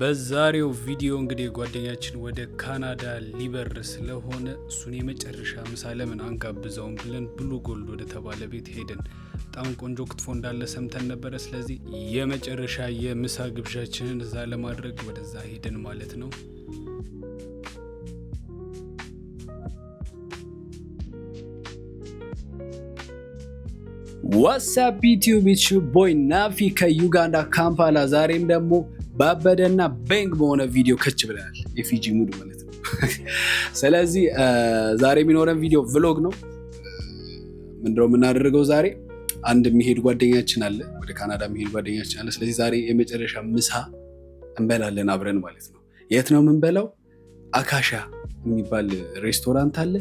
በዛሬው ቪዲዮ እንግዲህ ጓደኛችን ወደ ካናዳ ሊበር ስለሆነ እሱን የመጨረሻ ምሳ ለምን አንጋብዘውም ብለን ብሉ ጎልድ ወደ ተባለ ቤት ሄደን በጣም ቆንጆ ክትፎ እንዳለ ሰምተን ነበረ። ስለዚህ የመጨረሻ የምሳ ግብዣችንን እዛ ለማድረግ ወደዛ ሄደን ማለት ነው። ዋትሳፕ ዩቲዩብ ዩቲዩብ ቦይ ናፊ ከዩጋንዳ ካምፓላ። ዛሬም ደግሞ ባበደና በንግ በሆነ ቪዲዮ ከች ብለናል። የፊጂ ሙድ ማለት ነው። ስለዚህ ዛሬ የሚኖረን ቪዲዮ ቭሎግ ነው። ምንድነው የምናደርገው ዛሬ? አንድ የሚሄድ ጓደኛችን አለ፣ ወደ ካናዳ የሚሄድ ጓደኛችን አለ። ስለዚህ ዛሬ የመጨረሻ ምሳ እንበላለን አብረን ማለት ነው። የት ነው የምንበላው? አካሻ የሚባል ሬስቶራንት አለ።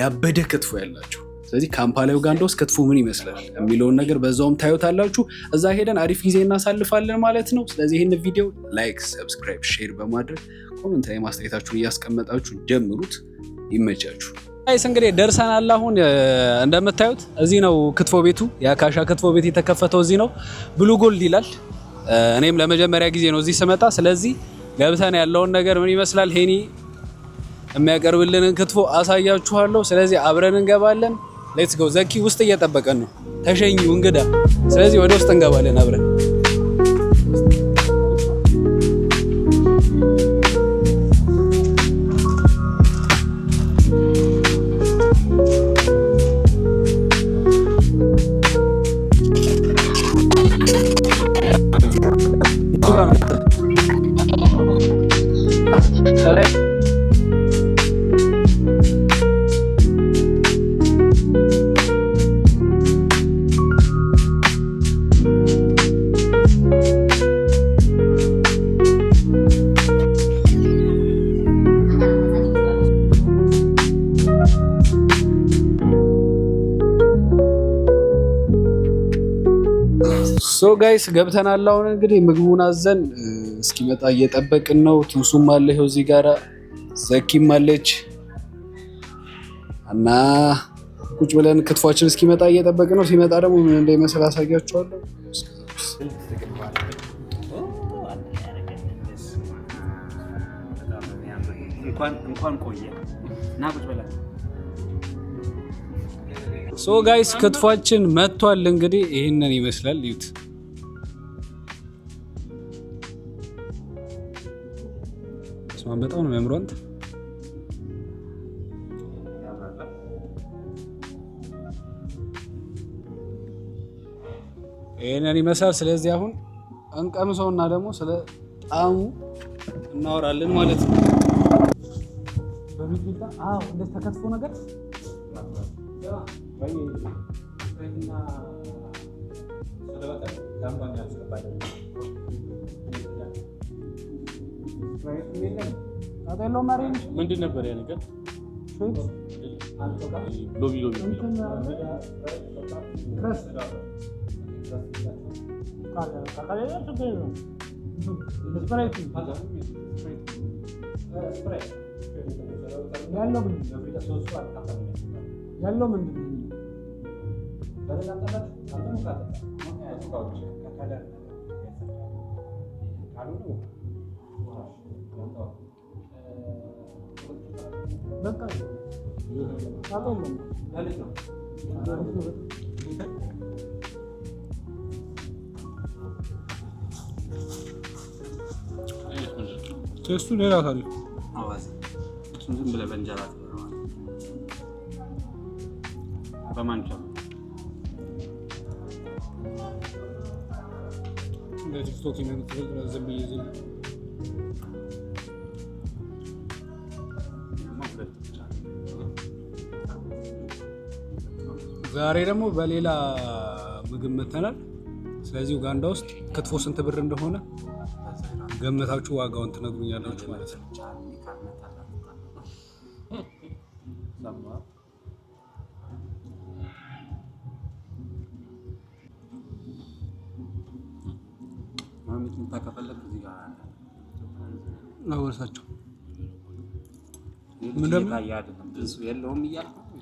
ያበደ ክትፎ ያላቸው ስለዚህ ካምፓላ ዩጋንዳ ውስጥ ክትፎ ምን ይመስላል የሚለውን ነገር በዛውም አላችሁ። እዛ ሄደን አሪፍ ጊዜ እናሳልፋለን ማለት ነው። ስለዚህ ይህን ቪዲዮ ላይክ፣ ሰብስክራይብ፣ ሼር በማድረግ ኮመንት ላይ ማስተያየታችሁን እያስቀመጣችሁ ጀምሩት። ይመቻችሁ። ይስ እንግዲህ ደርሰናል። አሁን እንደምታዩት እዚህ ነው ክትፎ ቤቱ። የአካሻ ክትፎ ቤት የተከፈተው እዚህ ነው። ብሉ ጎልድ ይላል። እኔም ለመጀመሪያ ጊዜ ነው እዚህ ስመጣ። ስለዚህ ገብተን ያለውን ነገር ምን ይመስላል ሄኒ የሚያቀርብልንን ክትፎ አሳያችኋለሁ። ስለዚህ አብረን እንገባለን። ሌትስ ጎ። ዘኪ ውስጥ እየጠበቀን ነው። ተሸኙ እንግዳ። ስለዚህ ወደ ውስጥ እንገባለን አብረን Hello. ሶ ጋይስ ገብተናል። አሁን እንግዲህ ምግቡን አዘን እስኪመጣ እየጠበቅን ነው። ትንሱም አለ ይኸው እዚህ ጋራ ዘኪም አለች እና ቁጭ ብለን ክትፏችን እስኪመጣ እየጠበቅን ነው። ሲመጣ ደግሞ ምን እንደሚመስል አሳያችኋለሁ። እንኳን ቆየ እና ቁጭ ብለን ሶ ጋይስ ክትፏችን መጥቷል። እንግዲህ ይህንን ይመስላል ዩት ስማን በጣም ነው ይህንን ይመስላል። ስለዚህ አሁን እና ደግሞ ስለ ጣሙ እናወራለን ማለት ነው። በሚግዳ እንደዚህ ተከትፎ ነገር ya baik karena saudara kan gampang yang sudah banyak ಅದೆಲ್ಲೋ ಮಾರಿ ምንድን ነበር ያ ነገር ሎቢ ሎቢ ችግር ነው ስፕራይት ያለው ምንድን ነው? ቴስቱ ሌላ ታሪክ ዝም ብለህ በእንጀራ በማንኪያ ዛሬ ደግሞ በሌላ ምግብ መተናል። ስለዚህ ኡጋንዳ ውስጥ ክትፎ ስንት ብር እንደሆነ ገምታችሁ ዋጋውን ትነግሩኛላችሁ ማለት ነው። ከፈለግ እዚህ ጋር አወርሳቸው ምንም አይደለም ብዙ የለውም እያልኩ ነው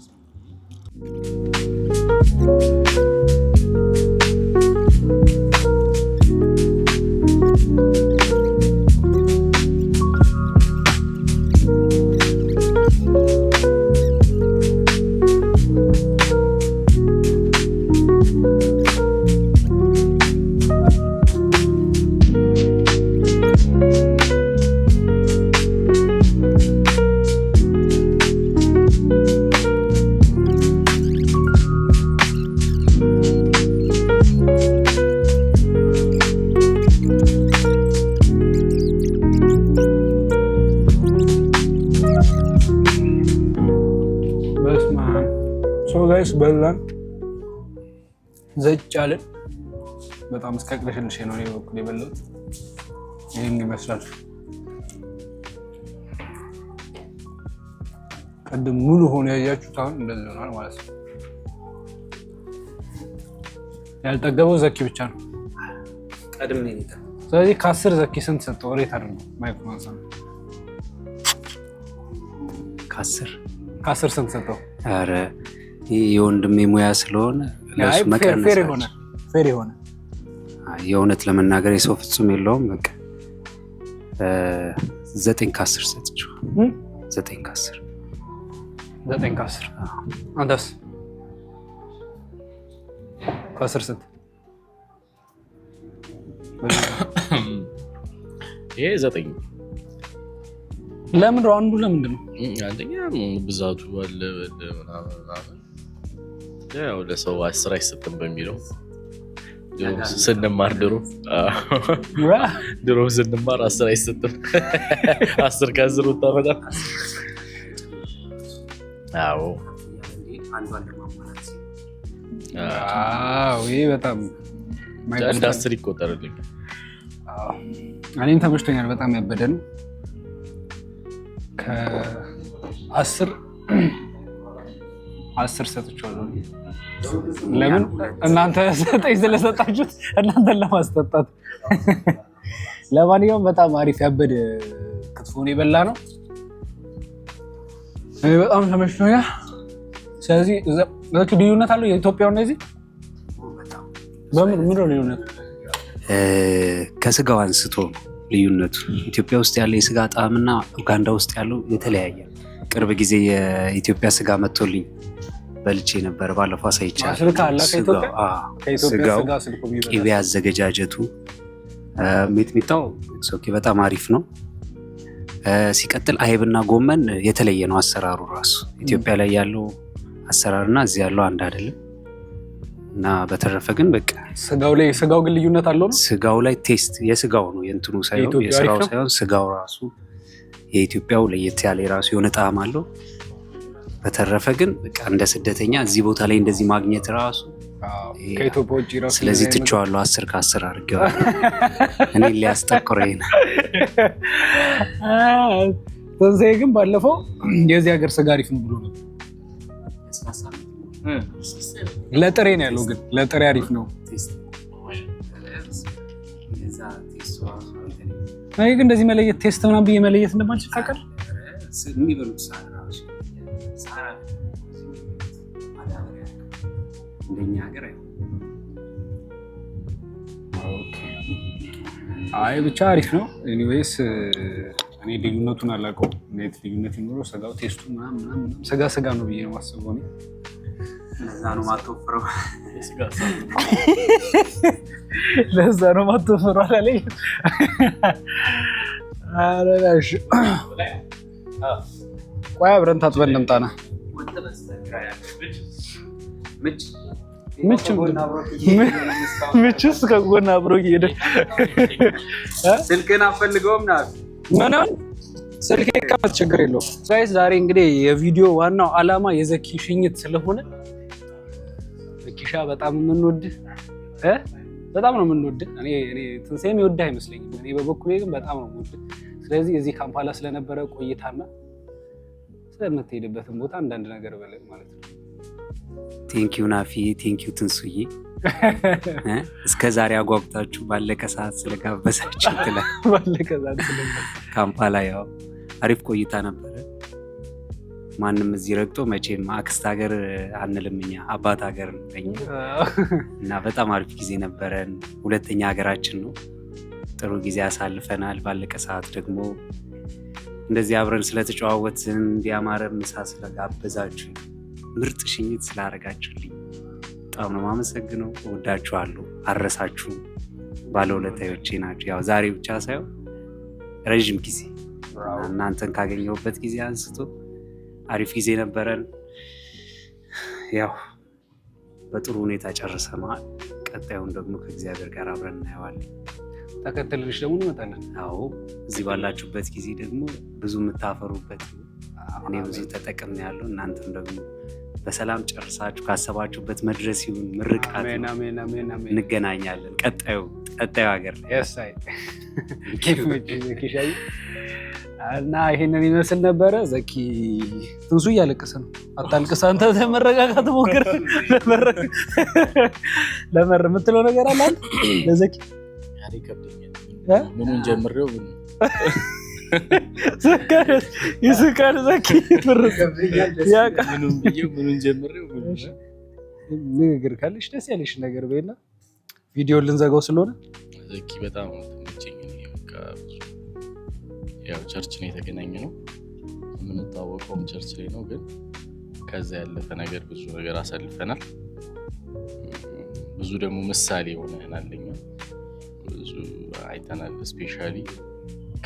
ከቻልን በጣም እስከ ቅልሽልሽ ነው በኩል የበለት ይህን ይመስላል። ቅድም ሙሉ ሆኖ ያያችሁት አሁን እንደዚህ ሆኗል ማለት ነው። ያልጠገበው ዘኪ ብቻ ነው። ቀድም። ስለዚህ ከአስር ዘኪ ስንት ሰጠው? ሬት አድርገው ማይክ ማንሳ ከአስር ከአስር ስንት ሰጠው? ኧረ ይህ የወንድሜ ሙያ ስለሆነ ፌር የሆነ የእውነት ለመናገር የሰው ፍጹም የለውም። በቃ ዘጠኝ ከአስር ሰጥችው። ዘጠኝ ከአስር ዘጠኝ ከአስር አንተስ ከአስር ስንት? ይሄ ዘጠኝ ለምን ነው? አንዱ ለምንድን ነው? አንደኛ ብዛቱ አለ ምናምን ያው ለሰው አስር አይሰጥም በሚለው ስንማር ድሮ ድሮ ስንማር አስር አይሰጥም፣ አስር ከአስር ወጣ። በጣም አዎ፣ ይህ በጣም እንደ አስር ይቆጠርልኝ። እኔም ተመችቶኛል። በጣም ያበደ ነው ከአስር አስር ሰጥቼዋለሁ። ለምን እናንተ ዘጠኝ ስለሰጣችሁት እናንተን ለማስጠጣት። ለማንኛውም በጣም አሪፍ ያበድ ክትፎን የበላ ነው። በጣም ተመችቶኛል። ስለዚህ ልዩነት አለው የኢትዮጵያው እነዚህ በምን ልዩነት ከስጋው አንስቶ ልዩነቱ ኢትዮጵያ ውስጥ ያለ የስጋ ጣዕምና ኡጋንዳ ውስጥ ያለው የተለያየ ቅርብ ጊዜ የኢትዮጵያ ስጋ መጥቶልኝ በልቼ ነበር። ባለፈው አሳይቻለሁ። ቅቤ አዘገጃጀቱ ሚጥሚጣው በጣም አሪፍ ነው። ሲቀጥል አይብና ጎመን የተለየ ነው አሰራሩ ራሱ ኢትዮጵያ ላይ ያለው አሰራርና እዚህ ያለው አንድ አይደለም። እና በተረፈ ግን በቃ ስጋው ላይ ስጋው ግን ልዩነት አለው። ነው ስጋው ላይ ቴስት የስጋው ነው የእንትኑ ሳይሆን የስራው ሳይሆን ስጋው ራሱ የኢትዮጵያው ለየት ያለ የራሱ የሆነ ጣዕም አለው። በተረፈ ግን በቃ እንደ ስደተኛ እዚህ ቦታ ላይ እንደዚህ ማግኘት ራሱ ስለዚህ ትቼዋለሁ። አስር ከአስር አድርጌዋለሁ። እኔ ሊያስጠቁረኝ ነው። ግን ባለፈው የዚህ ሀገር ስጋ አሪፍ ነው ብሎ ነው። ለጥሬ ነው ያለው፣ ግን ለጥሬ አሪፍ ነው ነገር ግን እንደዚህ መለየት ቴስት ምናምን ብዬ መለየት እንደማልችል ታውቃል። አይ ብቻ አሪፍ ነው። ኤኒዌይስ እኔ ልዩነቱን አላውቀውም። እንዴት ልዩነት ይኖረው? ስጋው ቴስቱ ምናምን ስጋ ስጋ ነው ብዬ ነው ማስበው ነው። ለዛ ነው ማትወፍሩ አላለኝ። ቆይ አብረን ታጥበን እንምጣና ምችስ ከጎን አብሮ ሄደ። ስልክን አፈልገውም ና ምንም ስልክ ይቀመጥ ችግር የለውም። ጋይስ ዛሬ እንግዲህ የቪዲዮ ዋናው አላማ የዘኪ ሽኝት ስለሆነ ዘኪሻ በጣም የምንወድ በጣም ነው የምንወድ። ትንሣኤም የወድህ አይመስለኝም። እኔ በበኩሌ ግን በጣም ነው የምወድ። ስለዚህ እዚህ ካምፓላ ስለነበረ ቆይታና ስለምትሄድበትን ቦታ አንዳንድ ነገር በለ ማለት ነው። ቴንኪዩ ናፊ፣ ቴንኪዩ ትንሱዬ እስከ ዛሬ አጓጉታችሁ ባለቀ ሰዓት ስለጋበዛችሁ። ካምፓላ ያው አሪፍ ቆይታ ነበረ። ማንም እዚህ ረግጦ መቼም አክስት ሀገር አንልም እኛ አባት ሀገር እና በጣም አሪፍ ጊዜ ነበረን። ሁለተኛ ሀገራችን ነው። ጥሩ ጊዜ አሳልፈናል። ባለቀ ሰዓት ደግሞ እንደዚህ አብረን ስለተጨዋወትን እንዲያማረ ምሳ ስለጋበዛችሁ ምርጥ ሽኝት ስላደረጋችሁልኝ በጣም ነው የማመሰግነው። እወዳችኋለሁ። አረሳችሁ ባለውለታዎቼ ናቸው። ያው ዛሬ ብቻ ሳይሆን ረዥም ጊዜ እናንተን ካገኘሁበት ጊዜ አንስቶ አሪፍ ጊዜ ነበረን። ያው በጥሩ ሁኔታ ጨርሰነዋል። ቀጣዩን ደግሞ ከእግዚአብሔር ጋር አብረን እናየዋለን። ተከተልልሽ ደግሞ እንመጣለን። አዎ እዚህ ባላችሁበት ጊዜ ደግሞ ብዙ የምታፈሩበት እኔ ብዙ ተጠቅም ያለው እናንተም ደግሞ በሰላም ጨርሳችሁ ካሰባችሁበት መድረስ ይሁን። ምርቃት እንገናኛለን ቀጣዩ ቀጣዩ ሀገር ላይ እና ይሄንን ይመስል ነበረ። ዘኪ ትንሱ እያለቀሰ ነው። አታልቅስ አንተ ለመረጋጋት ሞክር። ለመር የምትለው ነገር አለ አንተ ለዘኪ ምኑን ጀምሬው ይስቃል። ዘኪ ንግግር ካለሽ ደስ ያለሽ ነገር በይና ቪዲዮ ልንዘጋው ስለሆነ ዘኪ በጣም ያው ቸርች ነው የተገናኘ ነው የምንታወቀውም ቸርች ላይ ነው። ግን ከዛ ያለፈ ነገር ብዙ ነገር አሳልፈናል። ብዙ ደግሞ ምሳሌ ሆነናል። እኛ ብዙ አይተናል። ስፔሻ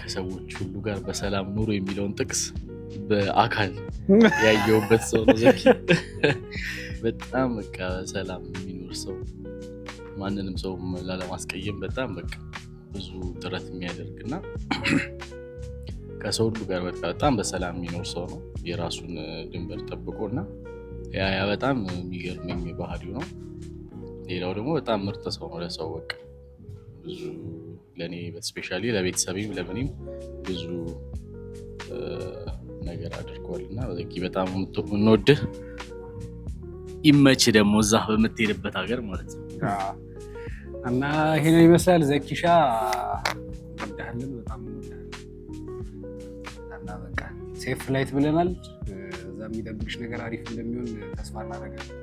ከሰዎች ሁሉ ጋር በሰላም ኑሮ የሚለውን ጥቅስ በአካል ያየውበት ሰው ነው ዘኪ። በጣም በቃ ሰላም የሚኖር ሰው ማንንም ሰው ላለማስቀየም በጣም በቃ ብዙ ጥረት የሚያደርግ እና ከሰው ሁሉ ጋር በቃ በጣም በሰላም የሚኖር ሰው ነው የራሱን ድንበር ጠብቆ እና ያ በጣም የሚገርመኝ ባህሪው ነው። ሌላው ደግሞ በጣም ምርጥ ሰው ነው ለሰው በቃ ብዙ ለእኔ ስፔሻሊ ለቤተሰብም ለምንም ብዙ ነገር አድርጓል እና በጣም እንወድህ ይመች ደግሞ እዛ በምትሄድበት ሀገር ማለት ነው። እና ይሄ ይመስላል ዘኪሻ ወዳለን በጣም ሴፍ ፍላይት ብለናል። እዛ የሚጠብቅሽ ነገር አሪፍ እንደሚሆን ተስፋ እናደርጋለን።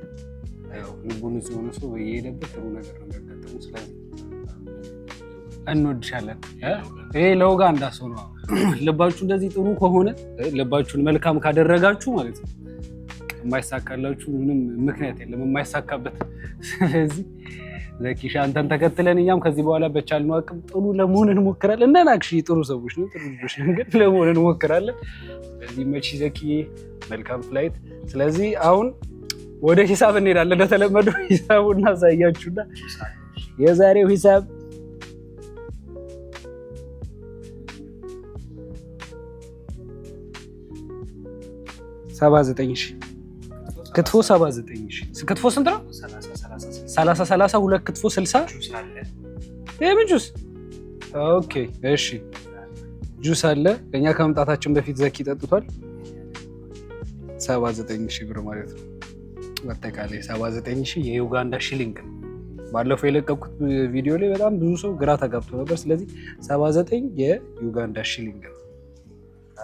ልቡ ንጹህ ሆነ ሰው የሄደበት ጥሩ ነገር ነው የሚያጋጥሙ። ስለዚህ እንወድሻለን። ይሄ ለውጋ ሰው ነው። ልባችሁ እንደዚህ ጥሩ ከሆነ ልባችሁን መልካም ካደረጋችሁ ማለት ነው የማይሳካላችሁ ምንም ምክንያት የለም የማይሳካበት ስለዚህ ዘኪሻ አንተን ተከትለን እኛም ከዚህ በኋላ በቻልነው አቅም ጥሩ ለመሆን እንሞክራለን። እና ናክሽ ጥሩ ሰዎች ነው፣ ጥሩ ልጆች ነው፣ ግን ለመሆን እንሞክራለን። በዚህ መቺ ዘኪዬ መልካም ፍላይት። ስለዚህ አሁን ወደ ሂሳብ እንሄዳለን። እንደተለመደው ሂሳቡ እናሳያችሁና የዛሬው ሂሳብ ሰባ ዘጠኝ ሺህ ክትፎ 79 ክትፎ ስንት ነው? 30 30 ሁለት ክትፎ 60 ምን ጁስ? ኦኬ እሺ፣ ጁስ አለ። እኛ ከመምጣታችን በፊት ዘኪ ጠጥቷል። 79 ሺህ ብር ማለት ነው። በአጠቃላይ 79 ሺህ የዩጋንዳ ሺሊንግ ነው። ባለፈው የለቀኩት ቪዲዮ ላይ በጣም ብዙ ሰው ግራ ተጋብቶ ነበር። ስለዚህ 79 የዩጋንዳ ሺሊንግ ነው።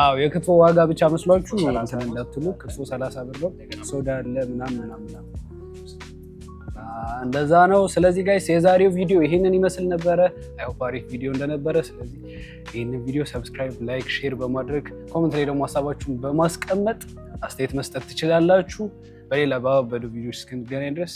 አዎ የክትፎ ዋጋ ብቻ መስሏችሁ እንትን እንዳትሉ። ክትፎ ሰላሳ ብር ነው። ሶዳ አለ ምናምን ምናምን እንደዛ ነው። ስለዚህ ጋይስ የዛሬው ቪዲዮ ይሄንን ይመስል ነበረ። አይሆፕ አሪፍ ቪዲዮ እንደነበረ። ስለዚህ ይህንን ቪዲዮ ሰብስክራይብ፣ ላይክ፣ ሼር በማድረግ ኮመንት ላይ ደግሞ ሀሳባችሁን በማስቀመጥ አስተያየት መስጠት ትችላላችሁ። በሌላ በአበዱ ቪዲዮ እስክንገናኝ ድረስ